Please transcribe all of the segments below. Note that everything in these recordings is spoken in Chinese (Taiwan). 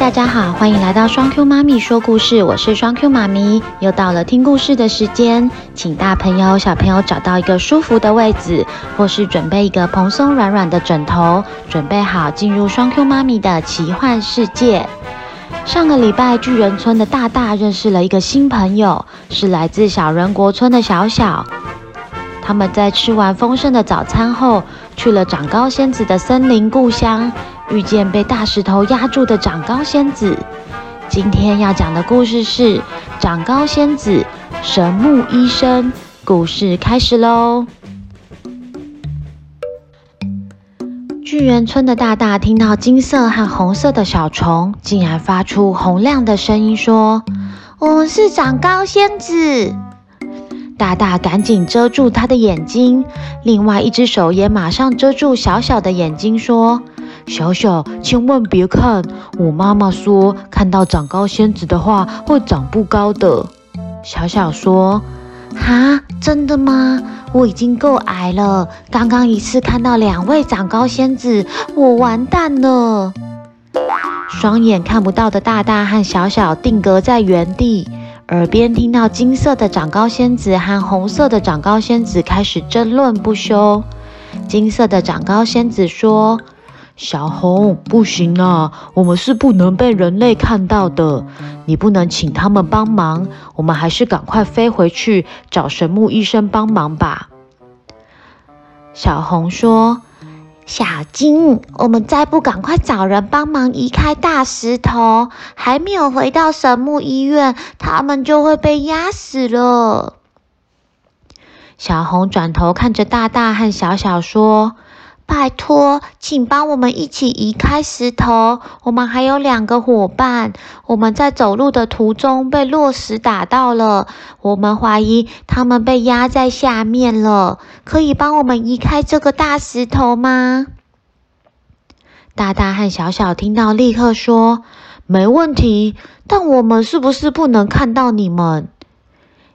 大家好，歡迎來到雙 Q 媽咪說故事，我是雙 Q 媽咪，又到了聽故事的時間，請大朋友小朋友找到一個舒服的位置，或是準備一個蓬鬆軟軟的枕頭，準備好進入雙 Q 媽咪的奇幻世界。上個禮拜，巨人村的大大認識了一個新朋友，是來自小人國村的小小。他們在吃完豐盛的早餐後，去了長高仙子的森林故鄉。遇見被大石頭壓住的長高仙子。今天要講的故事是《長高仙子神木醫生》。故事開始嘍！巨人村的大大聽到金色和紅色的小蟲竟然發出洪亮的聲音，說：“我是長高仙子。”大大趕緊遮住他的眼睛，另外一只手也馬上遮住小小的眼睛，說。小小，千萬別看！我媽媽說，看到長高仙子的話，會長不高的。小小說：“哈，真的嗎？我已經夠矮了。剛剛一次看到兩位長高仙子，我完蛋了。”雙眼看不到的大大和小小定格在原地，耳邊聽到金色的長高仙子和紅色的長高仙子開始爭論不休。金色的長高仙子說，小紅，不行啊！我們是不能被人類看到的，你不能請他們幫忙。我們還是趕快飛回去找神木醫生幫忙吧。小紅說：“小金，我們再不趕快找人幫忙移開大石頭，還沒有回到神木醫院，他們就會被壓死了。”小紅轉頭看着大大和小小說。拜託，請幫我們一起移開石頭。我們還有兩個夥伴，我們在走路的途中被落石打到了，我們懷疑他們被壓在下面了。可以幫我們移開這個大石頭嗎？大大和小小聽到立刻說：“沒問題。”但我們是不是不能看到你們？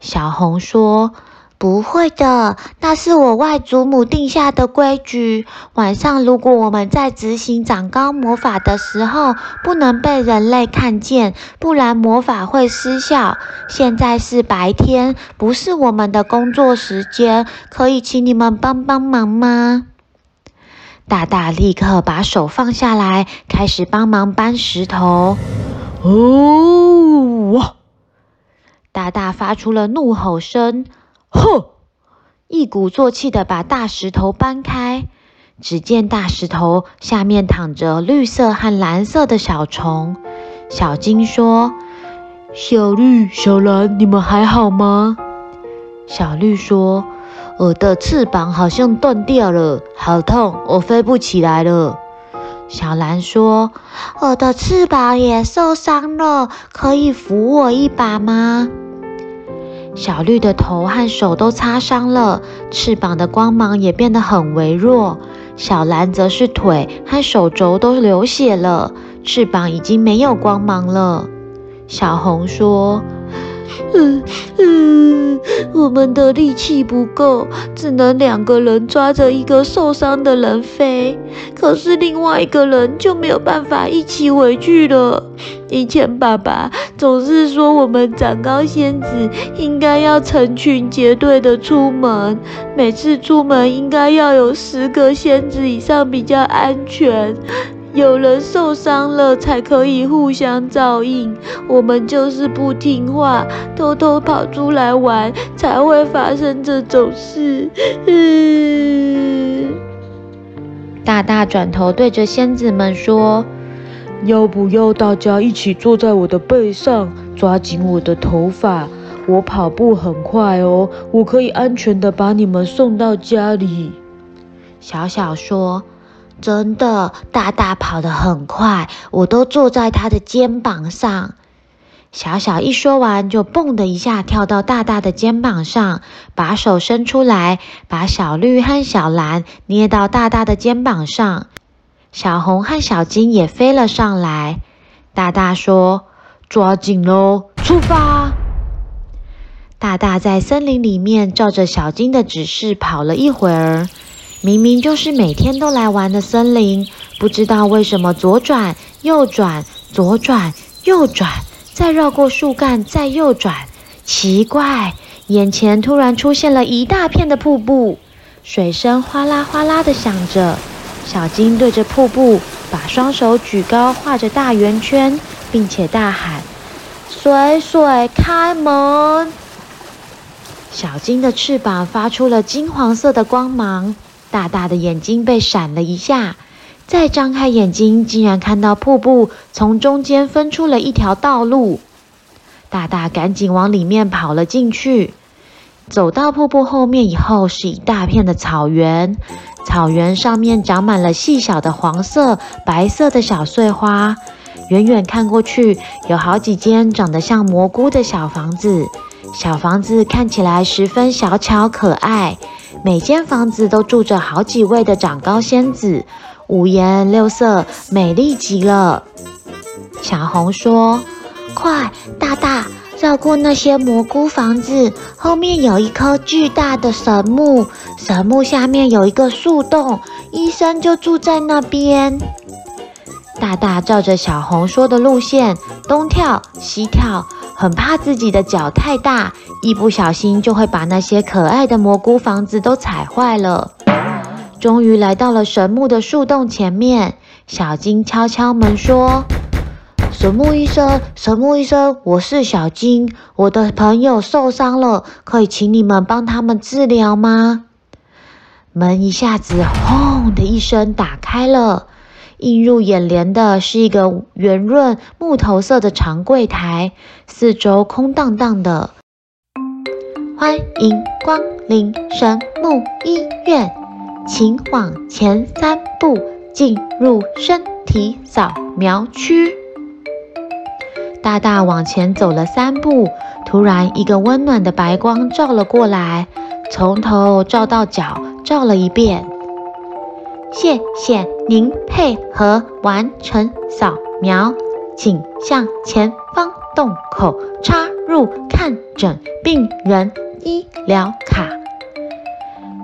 小紅說。不會的，那是我外祖母定下的規矩。晚上如果我們在執行長高魔法的時候，不能被人類看見，不然魔法會失效。現在是白天，不是我們的工作時間，可以請你們幫幫忙嗎？大大立刻把手放下來，開始幫忙搬石頭。哦！哇！大大發出了怒吼聲。哼，一鼓作氣的把大石頭搬開，只見大石頭下面躺着綠色和藍色的小蟲。小金說：“小綠、小藍，你們還好嗎？”小綠說：“我的翅膀好像斷掉了，好痛，我飛不起來了。”小藍說：“我的翅膀也受傷了，可以扶我一把嗎？”小綠的頭和手都擦傷了，翅膀的光芒也變得很微弱。小藍則是腿和手肘都流血了，翅膀已經沒有光芒了。小紅說：嗯嗯，我們的力氣不夠，只能兩個人抓着一個受傷的人飛，可是另外一個人就沒有辦法一起回去了。以前爸爸總是說，我們長高仙子應該要成群結隊的出門，每次出門應該要有十個仙子以上比較安全。有人受傷了才可以互相照應。我們就是不聽話，偷偷跑出來玩，才會發生這種事。嗯。大大轉頭對着仙子們說：“要不要大家一起坐在我的背上，抓緊我的頭髮？我跑步很快哦，我可以安全的把你們送到家裡。”小小說。真的，大大跑得很快，我都坐在他的肩膀上。小小一說完，就蹦的一下跳到大大的肩膀上，把手伸出來，把小綠和小藍捏到大大的肩膀上。小紅和小金也飛了上來。大大說：“抓緊嘍，出發！”大大在森林裡面照着小金的指示跑了一會兒。明明就是每天都來玩的森林，不知道為什麼左轉右轉左轉右轉，再繞過樹幹再右轉，奇怪，眼前突然出現了一大片的瀑布，水聲嘩啦嘩啦的響着。小金對着瀑布把雙手舉高畫着大圓圈，並且大喊：“水水開門！”小金的翅膀發出了金黃色的光芒。大大的眼睛被閃了一下，再張開眼睛，竟然看到瀑布從中間分出了一條道路。大大趕緊往裡面跑了進去。走到瀑布後面以後，是一大片的草原，草原上面長滿了細小的黃色、白色的小碎花。遠遠看過去，有好幾間長得像蘑菇的小房子，小房子看起來十分小巧可愛。每間房子都住着好幾位的長高仙子，五顏六色，美麗極了。小紅說：“快，大大繞過那些蘑菇房子，後面有一棵巨大的神木，神木下面有一個樹洞，醫生就住在那邊。”大大照着小紅說的路線，東跳西跳。很怕自己的腳太大，一不小心就會把那些可愛的蘑菇房子都踩壞了。終於來到了神木的樹洞前面，小金敲敲門說：“神木醫生，神木醫生，我是小金，我的朋友受傷了，可以請你們幫他們治療嗎？”門一下子轟的一聲打開了。映入眼簾的是一個圓潤木頭色的長櫃台，四周空荡荡的。歡迎光臨神木醫院，請往前三步進入身體掃描區。大大往前走了三步，突然一個溫暖的白光照了過來，從頭照到腳照了一遍。謝謝您配合完成掃描，請向前方洞口插入看診病人醫療卡。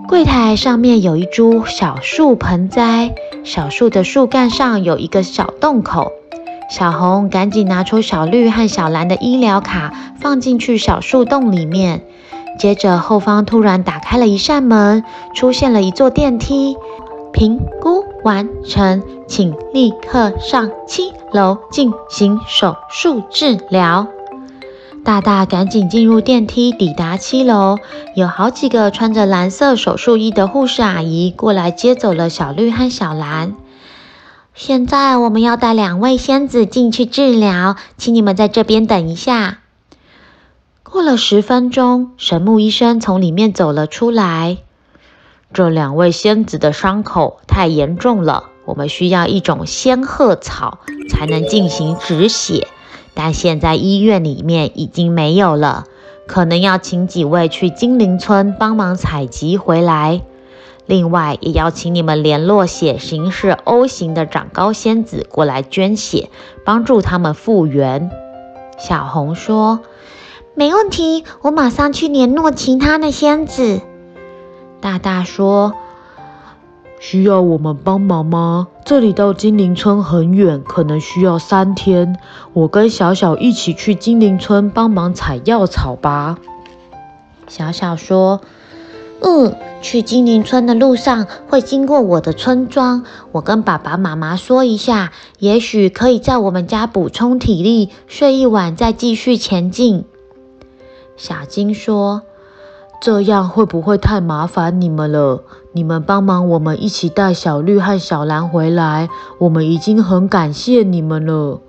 櫃檯上面有一株小樹盆栽，小樹的樹幹上有一個小洞口。小紅趕緊拿出小綠和小藍的醫療卡，放進去小樹洞裡面。接着後方突然打開了一扇門，出現了一座電梯。評估完成，請立刻上七樓進行手術治療。大大趕緊進入電梯，抵達七樓，有好幾個穿着藍色手術衣的護士阿姨過來接走了小綠和小藍。現在我們要帶兩位仙子進去治療，請你們在這邊等一下。過了十分鐘，神木醫生從裡面走了出來。這兩位仙子的傷口太嚴重了，我們需要一種仙鶴草才能進行止血，但現在醫院裡面已經沒有了，可能要請幾位去精靈村幫忙採集回來。另外，也要請你們聯絡血型是 O 型的長高仙子過來捐血，幫助他們復原。小紅說：“沒問題，我馬上去聯絡其他的仙子。”大大說：“需要我們幫忙嗎？這裡到精靈村很遠，可能需要三天。我跟小小一起去精靈村幫忙採藥草吧。”小小說：“嗯，去精靈村的路上會經過我的村莊，我跟爸爸媽媽說一下，也許可以在我們家補充體力，睡一晚再繼續前進。”小金說。這樣會不會太麻煩你們了？你們幫忙我們一起帶小綠和小藍回來，我們已經很感謝你們了。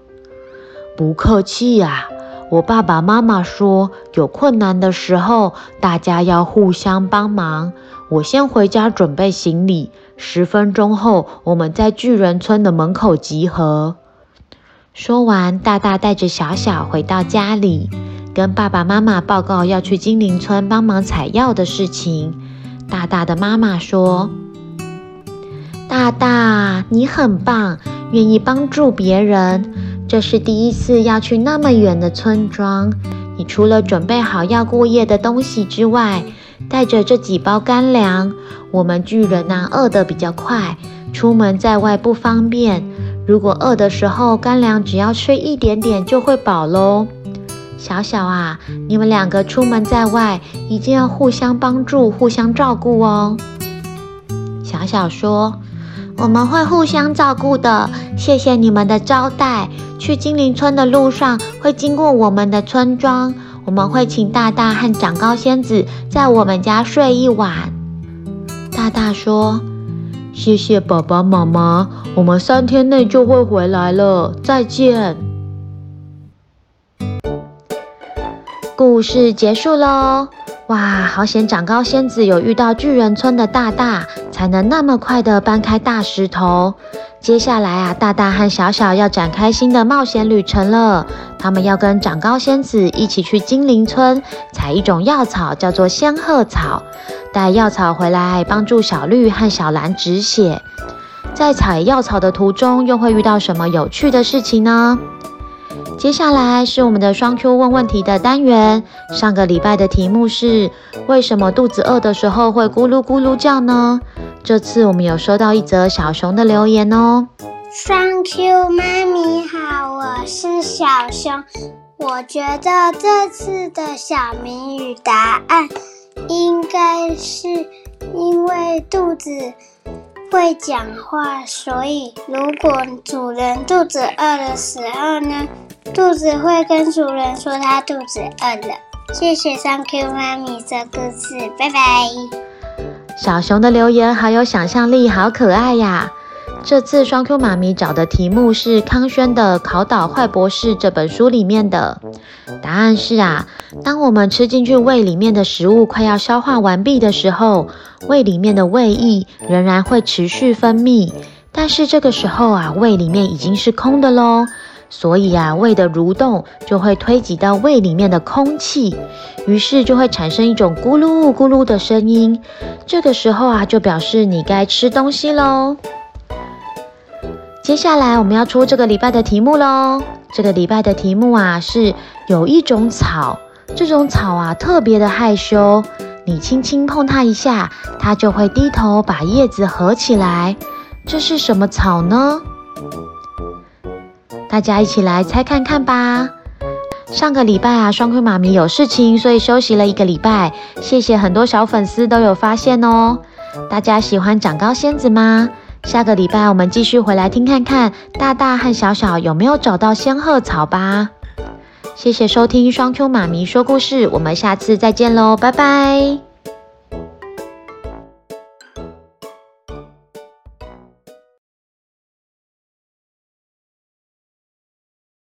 不客氣呀，我爸爸媽媽說，有困難的時候大家要互相幫忙。我先回家準備行李，十分鐘後我們在巨人村的門口集合。說完，大大帶着小小回到家裡，跟爸爸媽媽報告要去精靈村幫忙採藥的事情。大大的媽媽說：“大大，你很棒，願意幫助別人。這是第一次要去那麼遠的村莊，你除了準備好要過夜的東西之外，帶着這幾包乾糧。我們巨人吶、啊，餓得比較快，出門在外不方便。”如果餓的時候，乾糧只要吃一點點就會飽咯。小小啊，你們兩個出門在外，一定要互相幫助、互相照顧哦。小小說：“我們會互相照顧的，謝謝你們的招待。去精靈村的路上會經過我們的村莊，我們會請大大和長高仙子在我們家睡一晚。”大大說。謝謝爸爸媽媽，我們三天內就會回來了。再見。故事結束嘍。哇，好險！長高仙子有遇到巨人村的大大，才能那麼快地搬開大石頭。接下來啊，大大和小小要展開新的冒險旅程了。他們要跟長高仙子一起去精靈村採一種藥草，叫做仙鶴草，帶藥草回來幫助小綠和小藍止血。在採藥草的途中，又會遇到什麼有趣的事情呢？接下來是我們的雙 Q 問問題的單元。上個禮拜的題目是：為什麼肚子餓的時候會咕嚕咕嚕叫呢？這次我們有收到一則小熊的留言哦。雙 Q 媽咪好，我是小熊，我覺得這次的小謎語答案應該是因為肚子。會講話，所以如果主人肚子餓的時候呢，肚子會跟主人說它肚子餓了。謝謝雙 Q 媽咪說故事，拜拜。小熊的留言好有想象力，好可愛呀！這次雙 Q 媽咪找的題目是康軒的《考倒壞博士》這本書裡面的答案是啊，當我們吃進去胃裡面的食物快要消化完畢的時候，胃裡面的胃液仍然會持續分泌，但是這個時候啊，胃裡面已經是空的咯。所以啊，胃的蠕動就會推擠到胃裡面的空氣，於是就會產生一種咕嚕咕嚕的聲音。這個時候啊，就表示你該吃東西嘍。接下來我們要出這個禮拜的題目嘍。這個禮拜的題目啊，是有一種草，這種草啊特別的害羞，你輕輕碰它一下，它就會低頭把葉子合起來。這是什麼草呢？大家一起來猜看看吧。上個禮拜啊，雙 Q 媽咪有事情，所以休息了一個禮拜。謝謝很多小粉絲都有發現哦。大家喜歡長高仙子嗎？下個禮拜我們繼續回來聽看看大大和小小有沒有找到仙鶴草吧。謝謝收聽雙 Q 媽咪說故事，我們下次再見嘍，拜拜。